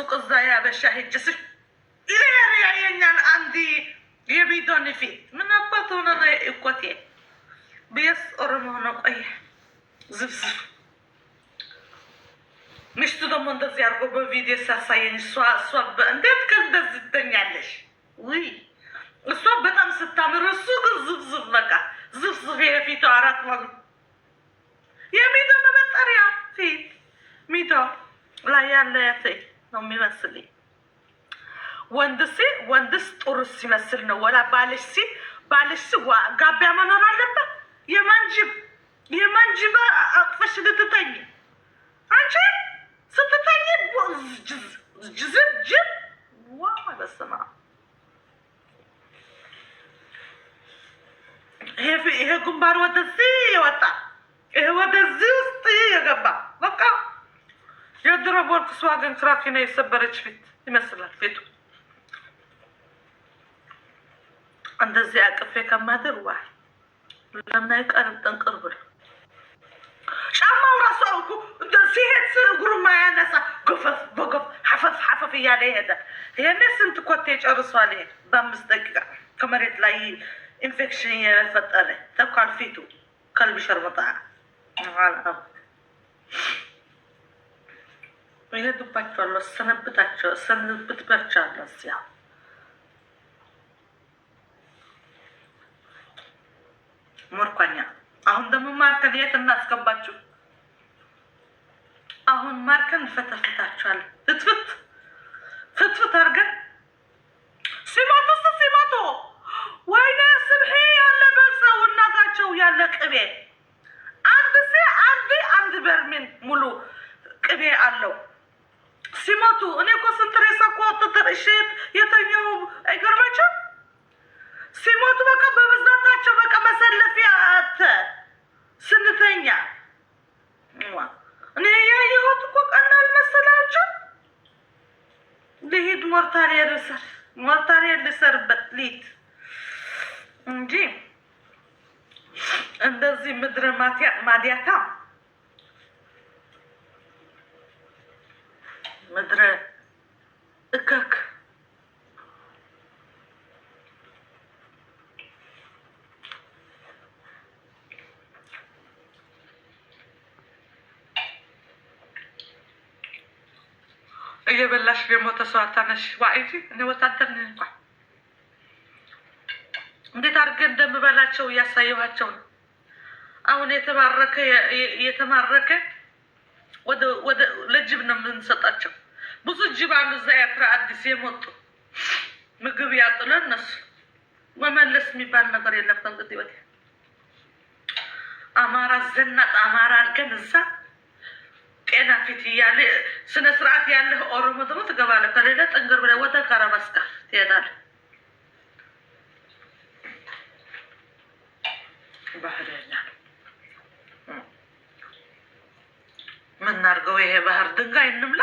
ሱቅ እዛ ያበሻ ሄጅ ስ ይሄ ያለያየኛል። አንድ የቢዶን ፊት ምን አባት ሆነ ነው እኮቴ ብየስ ኦሮሞ ሆነ ቆየ ዝብዝብ ምሽቱ ደግሞ እንደዚህ አድርጎ በቪዲዮ ሳሳየኝ እሷ እሷ እንዴት ከእንደዚህ ትተኛለሽ? ውይ እሷ በጣም ስታምር፣ እሱ ግን ዝብዝብ በቃ ዝብዝብ የፊቱ አራት ማ የሚዶ መበጠሪያ ፊት ሚዶ ላይ ያለ ፊት ነው የሚመስልኝ። ወንድ ሲ ወንድስ ጦር ሲመስል ነው ወላ ባልሽ ሲ ባልሽ ሲ ጋቢያ መኖር አለበት። የማንጅብ የማንጅብ አቅፈሽ ልትተኝ አንቺ ስትተኝ ጅዝብ ጅብ ዋ በስማ ይሄ ጉንባር ወደዚህ የወጣ ይሄ ወደዚህ ውስጥ የገባ በቃ የድሮ ቮልክስዋገን ትራፊና የሰበረች ፊት ይመስላል ቤቱ እንደዚህ አቅፌ ከማድር ዋል ለምን አይቀርም ጥንቅርብ ነው። ጫማው ራሱ አልኩ ሲሄድ እግሩ ማያነሳ ጎፈፍ በጎፍ ሐፈፍ ሐፈፍ እያለ ይሄዳል። ይሄኔ ስንት ኮቴ ጨርሷል። ይሄ በአምስት ደቂቃ ከመሬት ላይ ኢንፌክሽን የፈጠረ ተኳል ፊቱ ከልብ ሸርበጣ ሰነብት እሰነብታቸው እሰነብትባቸዋለሁ እዚያ ሞርኳኛ። አሁን ደግሞ ማርከን የት እናስገባችሁ? አሁን ማርከን እንፈተፍታችኋለን። ፍትፍት ፍትፍት አድርገን ሲማቶስ ሲማቶ ወይኔ ስብሄ ያለ በሰው እናታቸው ያለ ቅቤ አንድ ሴ አንድ አንድ በርሜል ሙሉ ቅቤ አለው። ሲመቱ እኔ እኮ ስንት ሬሳ እኮ ተጠርሼ የተኛው አይገርማችሁም? ሲሞቱ በቃ በብዛታቸው በቃ መሰለፊያ አተ ስንተኛ እኔ ያየሁት እኮ ቀላል መሰላችሁ? ልሂድ ሞርታሪያ ልሰር ሞርታሪያ ልሰርበት ሊት እንጂ እንደዚህ ምድረ ማዲያታ ምድረ እካክ እየበላሽ የሞተ ሰው አታነሽ ዋ እኔ ወታደር ነኝ። እንኳ እንዴት አድርገ እንደምበላቸው እያሳየኋቸው ነው። አሁን የተማረከ የተማረከ ወደ ለጅብ ነው የምንሰጣቸው። ብዙ ጅባን እዛ ኤርትራ አዲስ የመጡ ምግብ ያጥለ እነሱ መመለስ የሚባል ነገር የለም። ከእንግዲህ ወዲህ አማራ ዘናጥ አማራ አድርገን እዛ ጤና ፊት እያለ ስነ ስርዓት ያለህ ኦሮሞ ደግሞ ትገባለህ። ከሌለ ጥንግር ብለህ ወደ ካራማስቃር ትሄዳለህ። ባህር የለም ምናርገው ይሄ ባህር ድንጋይ እንምላ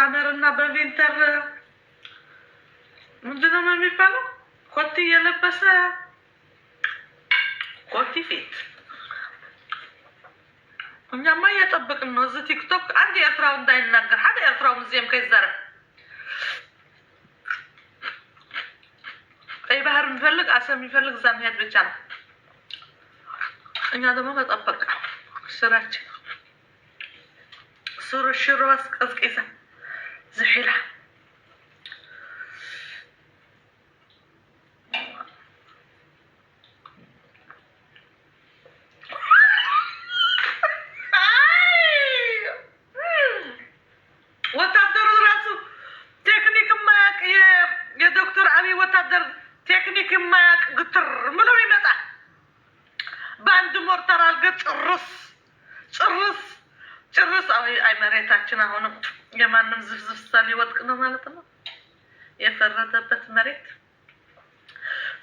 በሳመር እና በቪንተር ምንድነው የሚባለው? ኮቲ የለበሰ ኮቲ ፊት። እኛማ እየጠበቅን ነው። እዚህ ቲክቶክ አንድ ኤርትራው እንዳይናገር ሓደ ኤርትራው ሙዚየም ከይዛረብ ቀይ ባህር የሚፈልግ አሰብ የሚፈልግ እዛ መሄድ ብቻ ነው። እኛ ደግሞ ከጠበቃ ስራችን ሱር ሽሮ አስቀዝቅዘን ዝሒራ ወታደሩ ራሱ ቴክኒክ የማያውቅ የዶክተር አብይ ወታደር ቴክኒክ የማያውቅ ግትር ምሎ ይመጣል። በአንድ ሞርተር አልገ ጭርስ ጭርስ ጭርስ። አይ መሬታችን አሁንም የማንም ዝፍዝፍ ሳይወድቅ ነው ማለት ነው የፈረደበት መሬት።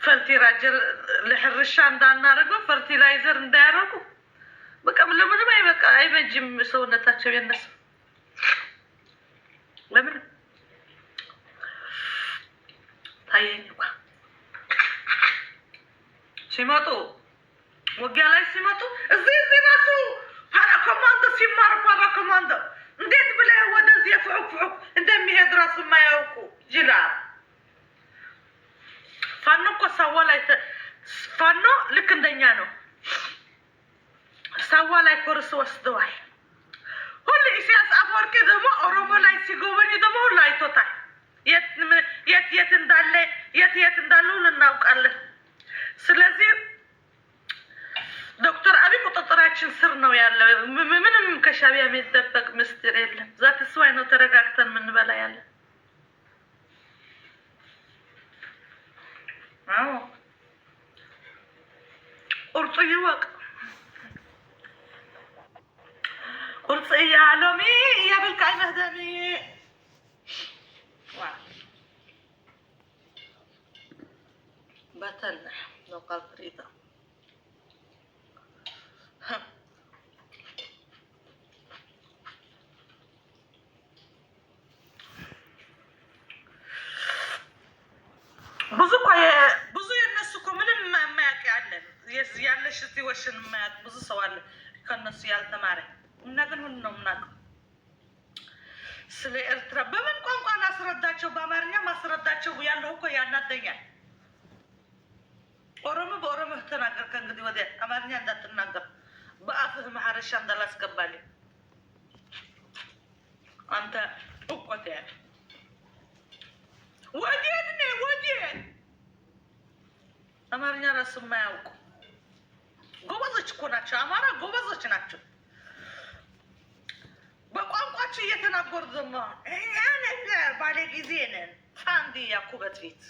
ፈርቲላይዘር ለሕርሻ እንዳናደርገው ፈርቲላይዘር እንዳያረጉ በቃም ለምንም አይበቃ አይበጅም ሰውነታቸው የነሱ ለምን ታየኝ እኮ ሲመጡ ውጊያ ላይ ሲመጡ እዚህ እዚህ ራሱ ፓራኮማንዶ ኮማንዶ ሲማር ፓራ እንዴት ብለህ ወደዚህ የፍዑፍዑ እንደሚሄድ ራሱ የማያውቁ ጅላ ፋኖ እኮ ሰዋ ላይ ፋኖ ልክ እንደኛ ነው። ሰዋ ላይ ኮርስ ወስደዋል። ሁሉ ኢሳያስ አፈወርቂ ደግሞ ኦሮሞ ላይ ሲጎበኙ ደግሞ ሁሉ አይቶታል። የት የት እንዳለ የት የት እንዳለ ሁሉ እናውቃለን። ስለዚህ ዶክተር አብይ ቁጥጥራችን ስር ነው ያለው። ምንም ከሻቢያ የሚደበቅ ምስጢር የለም። ዛት ስዋይ ነው ተረጋግተን የምንበላ ያለ ቁርጡ ይወቅ ቁርፅ እያሎሚ እያበልካ አይመስለሚ በተና ሎካል ፍሪታ እንዳትናገር በአፍህ መሀረሻ እንዳላስገባልኝ አንተ እቆት ያለ ወዴት ነ ወዴት አማርኛ ራስ የማያውቁ ጎበዞች እኮ ናቸው። አማራ ጎበዞች ናቸው። በቋንቋቸው እየተናገሩ ዘማ ባለ ጊዜ ነን ፋንዲያ ያኩበት ቤት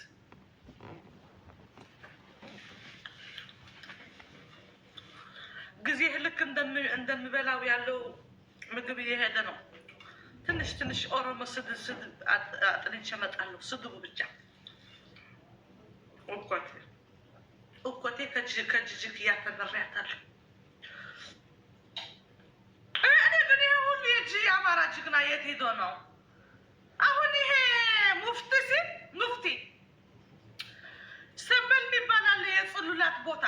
ጊዜህ ልክ እንደምበላው ያለው ምግብ እየሄደ ነው። ትንሽ ትንሽ ኦሮሞ ስድብ ስድብ አጥንቼ እመጣለሁ። ስድቡ ብቻ እኮቴ እኮቴ ከጅጅግ እያተመሪያታለሁ። እኔ ግን ይሄ ሁሉ የጅ የአማራ ጅግና የት ሄዶ ነው አሁን ይሄ ሙፍቲ ሲል ሙፍቲ ስምል የሚባል አለ የጽሉላት ቦታ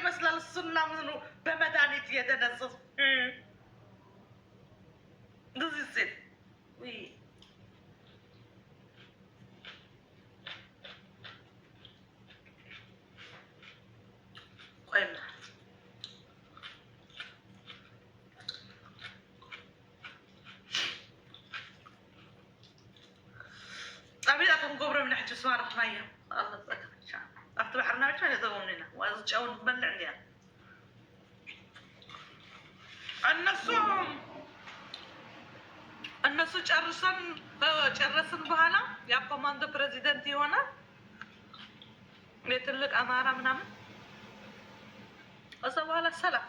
ይመስላል። እሱና ምኑ በመድኃኒት እየደነዘዙ እንደዚህ ሲል أبي أفهم قبره من حجز ما رحمة الله እነሱ እነሱ ጨርሰን ጨረስን በኋላ ያ ኮማንዶ ፕሬዚደንት የሆነ የትልቅ አማራ ምናምን ከዛ በኋላ ሰላም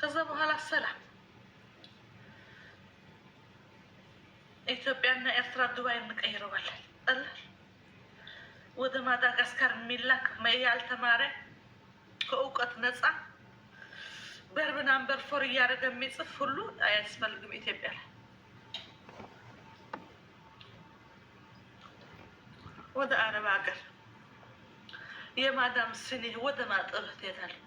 ከዛ በኋላ ሰላም ኢትዮጵያና ኤርትራ ዱባይ እንቀይረዋለን። ማዳጋስካር የሚላክ ያልተማረ ከእውቀት ነፃ በርብን አንበር ፎር እያደረገ የሚጽፍ ሁሉ አያስፈልግም ኢትዮጵያ ላይ። ወደ አረብ ሀገር የማዳም ስኒ ወደ ማጠብህ ትሄዳለህ።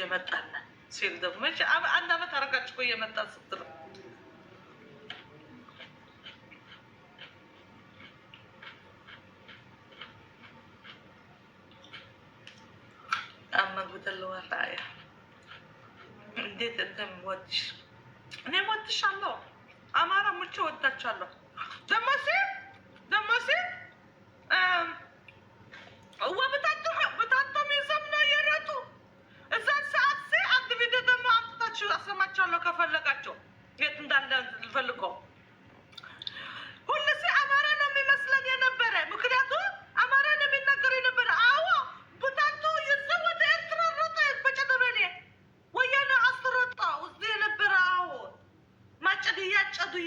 የመጣለ ሲል ደግሞ አንድ አመት አረጋችሁ እኮ እየመጣ ስትል አመጉደለዋላያ እንዴት እንደምወድሽ እኔ ወድሻለሁ። አማራ ሙቼ ወዳችኋለሁ ደግሞ ሲል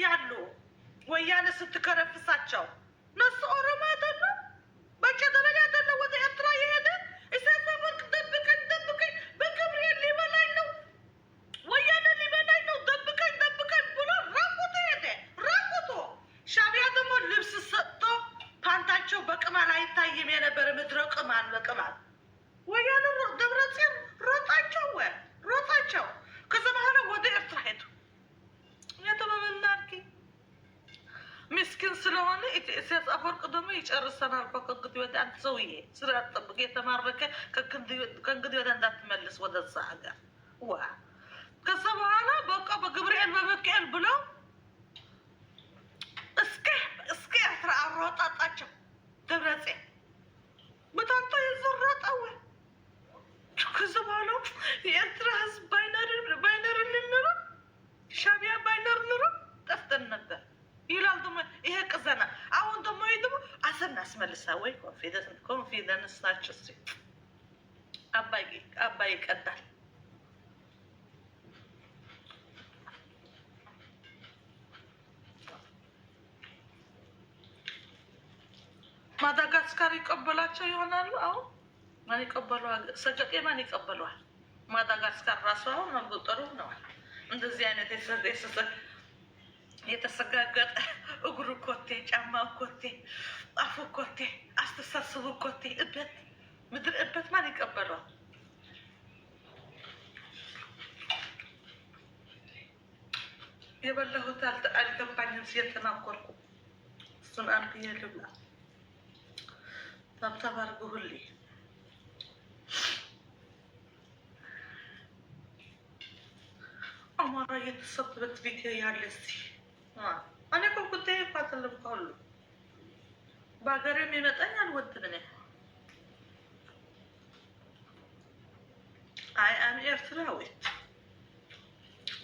ያሉ ወያኔ ስትከረፍሳቸው ተራርቆ ከእንግዲህ ወዲያ አንድ ሰውዬ ስራ ጠብቅ የተማረከ ከእንግዲህ ወዲያ እንዳትመልስ ወደዛ ሀገር ዋ ከዛ በኋላ በቃ በገብርኤል በሚካኤል ብለው እስከ እስከ ኤርትራ አሮጣጣቸው ደብረጼ በታንታ የዘራጠው ከዚ በኋላ የኤርትራ ህዝብ ባይነር ባይነር ልንሮ ሻቢያ ባይነር ንሮ ጠፍተን ነበር። ይላል ደሞ ይሄ ቅዘና። አሁን ደሞ ይሄ ደሞ አሰን አስመልሳ ወይ ኮንፊደንስ ኮንፊደንስ ናቸው። ሲ አባይ አባይ ይቀዳል። ማዳጋስካር ይቀበላቸው ይሆናሉ። አሁን ማን ይቀበለዋል? ሰገጤ ማን ይቀበለዋል? ማዳጋስካር ራሱ አሁን ጥሩ ነዋል። እንደዚህ አይነት የተሰጋገጠ እግሩ ኮቴ፣ ጫማው ኮቴ፣ አፉ ኮቴ፣ አስተሳሰቡ ኮቴ። እበት ምድር እበት ማን ይቀበለዋል? የበላሁት አልገባኝም ስለተናኮርኩ እሱን አንድ የልብላ ታብታብ አድርጉ ሁሌ አማራ የተሰብበት ቪዲዮ ያለ እኔ እኮ ጉዳይ እኮ አይደለም ከሁሉ በሀገር የሚመጣኝ አልወድም። እኔ አይ አም ኤርትራዊት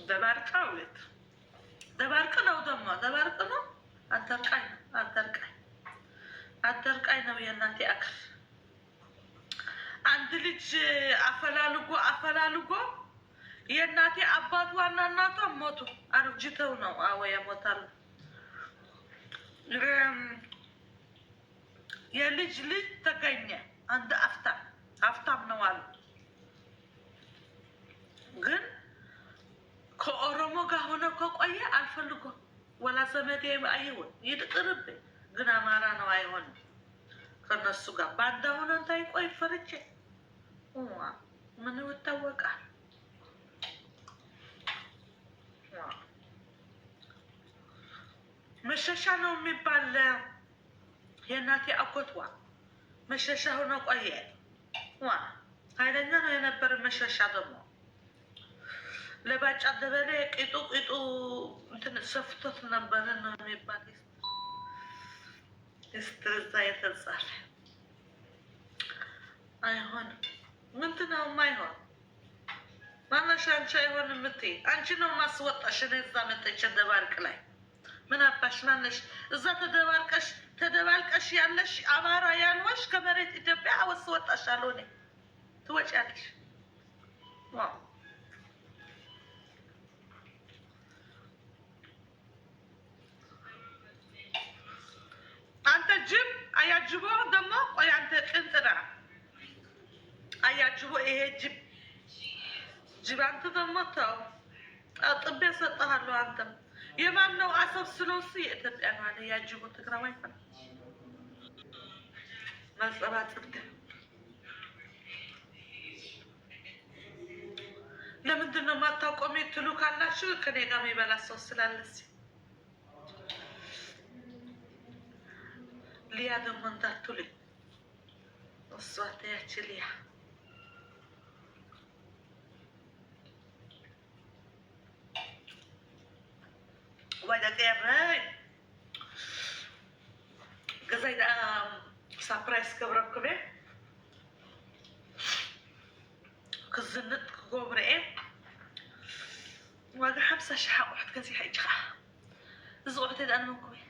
ደባርቃዊት ደባርቅ ነው ደግሞ ደባርቅ ነው። አደርቃኝ ነው አደርቃኝ አደርቃኝ ነው የእናቴ አክል አንድ ልጅ አፈላልጎ አፈላልጎ የእናቴ አባቷ ዋና እናቷ ሞቱ። አርጅተው ነው አዎ የሞታሉ። የልጅ ልጅ ተገኘ። አንድ አፍታ አፍታም ነው አሉ። ግን ከኦሮሞ ጋር ሆነ ከቆየ አልፈልጎም። ወላ ዘመዴ አይሆን ይቅርብኝ። ግን አማራ ነው አይሆን ከነሱ ጋር ባንዳ ሆነ እንዳይቆይ ፈርቼ ምን ይታወቃል መሸሻ ነው የሚባል የእናቴ አጎትዋ መሸሻ ሆኖ ቆየ። ዋ ኃይለኛ ነው የነበረ መሸሻ ደግሞ ለባጫ ደበለ ቂጡ ቂጡ እንትን ሰፍቶት ነበረ ነው የሚባል ስትርዛ የተጻለ አይሆንም። ምንት ነው ማይሆን ማነሻ አንቺ አይሆን የምትይ አንቺ ነው ማስወጣሽን እኔ መጠቸ ደባርቅ ላይ ምን አባሽ ማነሽ? እዛ ተደባልቀሽ ተደባልቀሽ ያለሽ አማራ ያልዋሽ ከመሬት ኢትዮጵያ አወስ ወጣሽ አልሆነ ትወጫለሽ። አንተ ጅብ አያጅቦ ደግሞ ቆይ አንተ ቅንጥና አያጅቦ ይሄ ጅብ ጅብ አንተ ደግሞ ተው፣ ጥቤ ሰጠሃለሁ አንተም የማን ነው አሰብስሎ? እሱ የኢትዮጵያ ነው አለ ያጅቡ ትግራዋይ ፈ ማንጸባጽብ ለምንድን ነው ትሉ ካላችሁ ከኔ ጋር የሚበላ ሰው ስላለስ ሊያ ደግሞ እንዳትሉኝ እሷ ተያች ሊያ Kızayda surprise kıvrak kıvrak. Kızını kıvrak. وانا حبسة شحا واحد كان سيحا يجخا زغوح تيد انا موكوي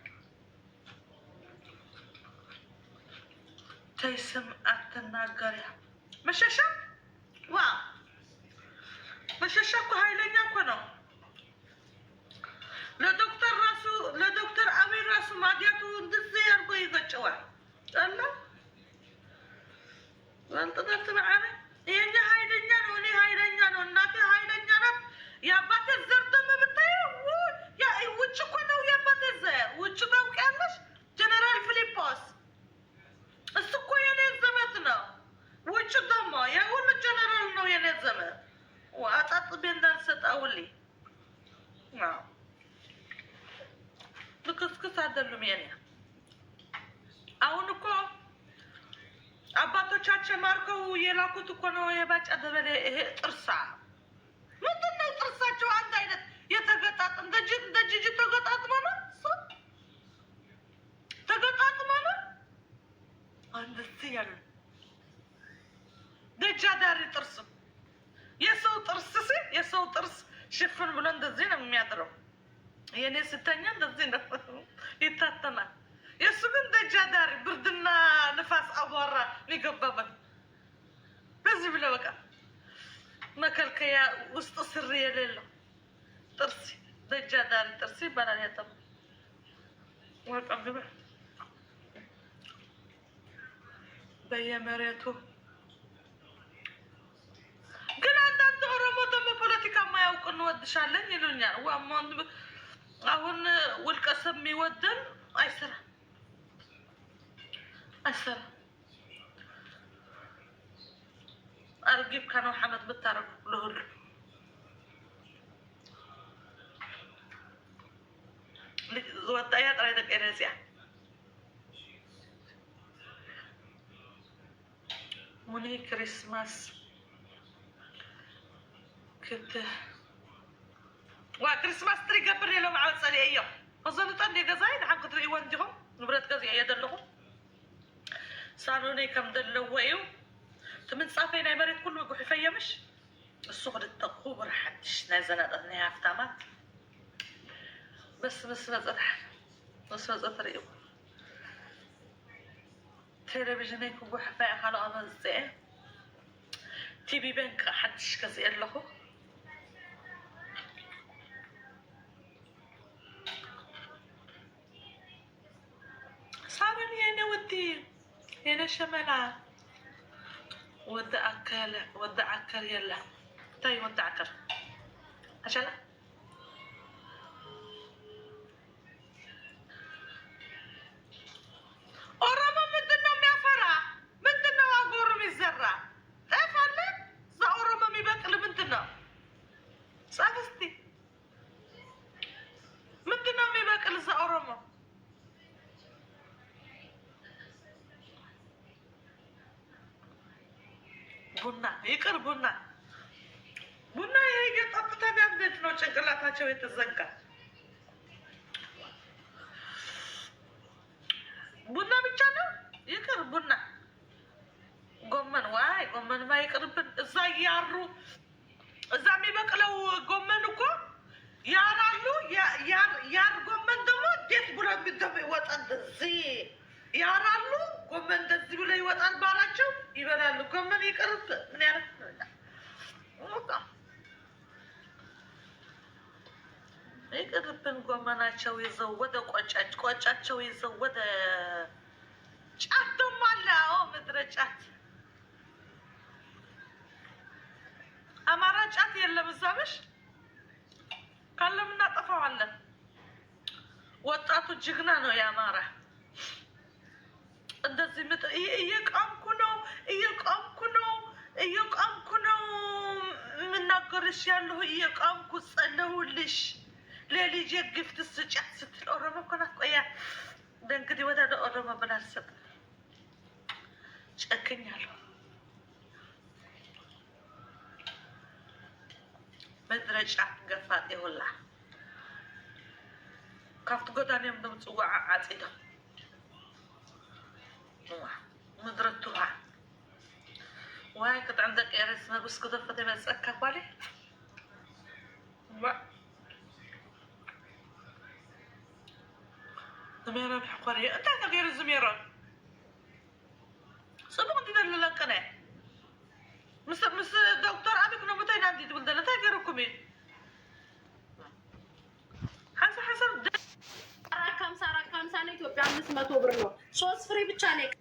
تيسم اتناغري مشاشا واو مشاشا كو هاي لنيا كو نو ለዶክተር አብይ ራሱ ማዲያቱ እንደዚህ አድርጎ ይገጨዋል እና ስተኛ እንደዚህ ነው ይታተማል። የእሱ ግን ደጃ ዳሪ ብርድና ንፋስ አቧራ ሊገባበት በዚህ ብለ በቃ መከልከያ ውስጥ ስር የሌለው ጥርሲ ደጃ ዳሪ ጥርሲ ይባላል። ያተማ ወቀብበ በየመሬቱ ግን አንዳንድ ኦሮሞ ደግሞ ፖለቲካ ማያውቅ እንወድሻለን ይሉኛል። አሁን ውልቀ ሰብ የሚወደን አይሰራ አይሰራ አርጊብ ከነው ሐመት ብታረጉ ለሁሉ ዝወጣያ ጥራይ ተቀረ እዚያ ሙኒ ክሪስማስ ክት وكريسماس تري قبل لهم عاود سالي هي فظنت اني غزايد عن قدر ايوان ديهم نبرت غزي هي دلهم صاروني كم دلوا ويو تمن صافي انا مريت كل ويقو حفايا مش الصغر التقوب راح عدش نازل ادني هاف تامات بس بس بس بس بس بس ريو تلفزيون يكون بحفاء على الله زين تي بي بنك حدش كزي لهم جدي هنا شمالة ودعك ودعك يلا طيب ودعك عشان ጎመን ማይቅርብን እዛ እያሩ እዛ የሚበቅለው ጎመን እኮ ያራሉ። ያር ጎመን ደግሞ እንዴት ብሎ የሚደሞ ይወጣል። እንደዚህ ያራሉ ጎመን እንደዚህ ብሎ ይወጣል። ባላቸው ይበላሉ። ጎመን ይቅርብ። ምን ያረ ይቅርብን። ጎመናቸው ይዘው ወደ ቆጫች ቆጫቸው ይዘው ወደ ጫት ደግሞ አለ። አዎ ምድረ ጫት ጫት የለም እዛ ብሽ ካለም እናጠፋዋለን። ወጣቱ ጅግና ነው የአማራ። እንደዚህ ምጥ እየቃምኩ ነው እየቃምኩ ነው እየቃምኩ ነው የምናገርሽ ያለሁ እየቃምኩ ጸለውልሽ ለልጅ ግፍት ስጫት ስትል ኦሮሞ ኮናት ቆያ እንግዲህ ወደ ኦሮሞ ምን አልሰጥም ጨክኛለሁ። መድረጫ ገፋጤ ሁላ ካብቲ ጎዳን እዮም ዶም ፅዋዓ ዓፂዶም ምድረ ትሃን ዋይ ክጥዕም ደቂ ኤረስ መጉስ ክደፈተ መፀካ ኳሌ ዝሜሮን ሕኮር እዩ እንታይ ነገር ዝሜሮን ፅቡቅ እንዲደለለንቅነ ምስ ዶክተር አብ ክነምታይ ናብዚ ትብል ዘለ እንታይ ገይረኩም እዩ ሓንሳ ሓንሳ ራካምሳ ራካምሳ ንኢትዮጵያ አምስት መቶ ብር ነው ሶስት ፍሬ ብቻ ነው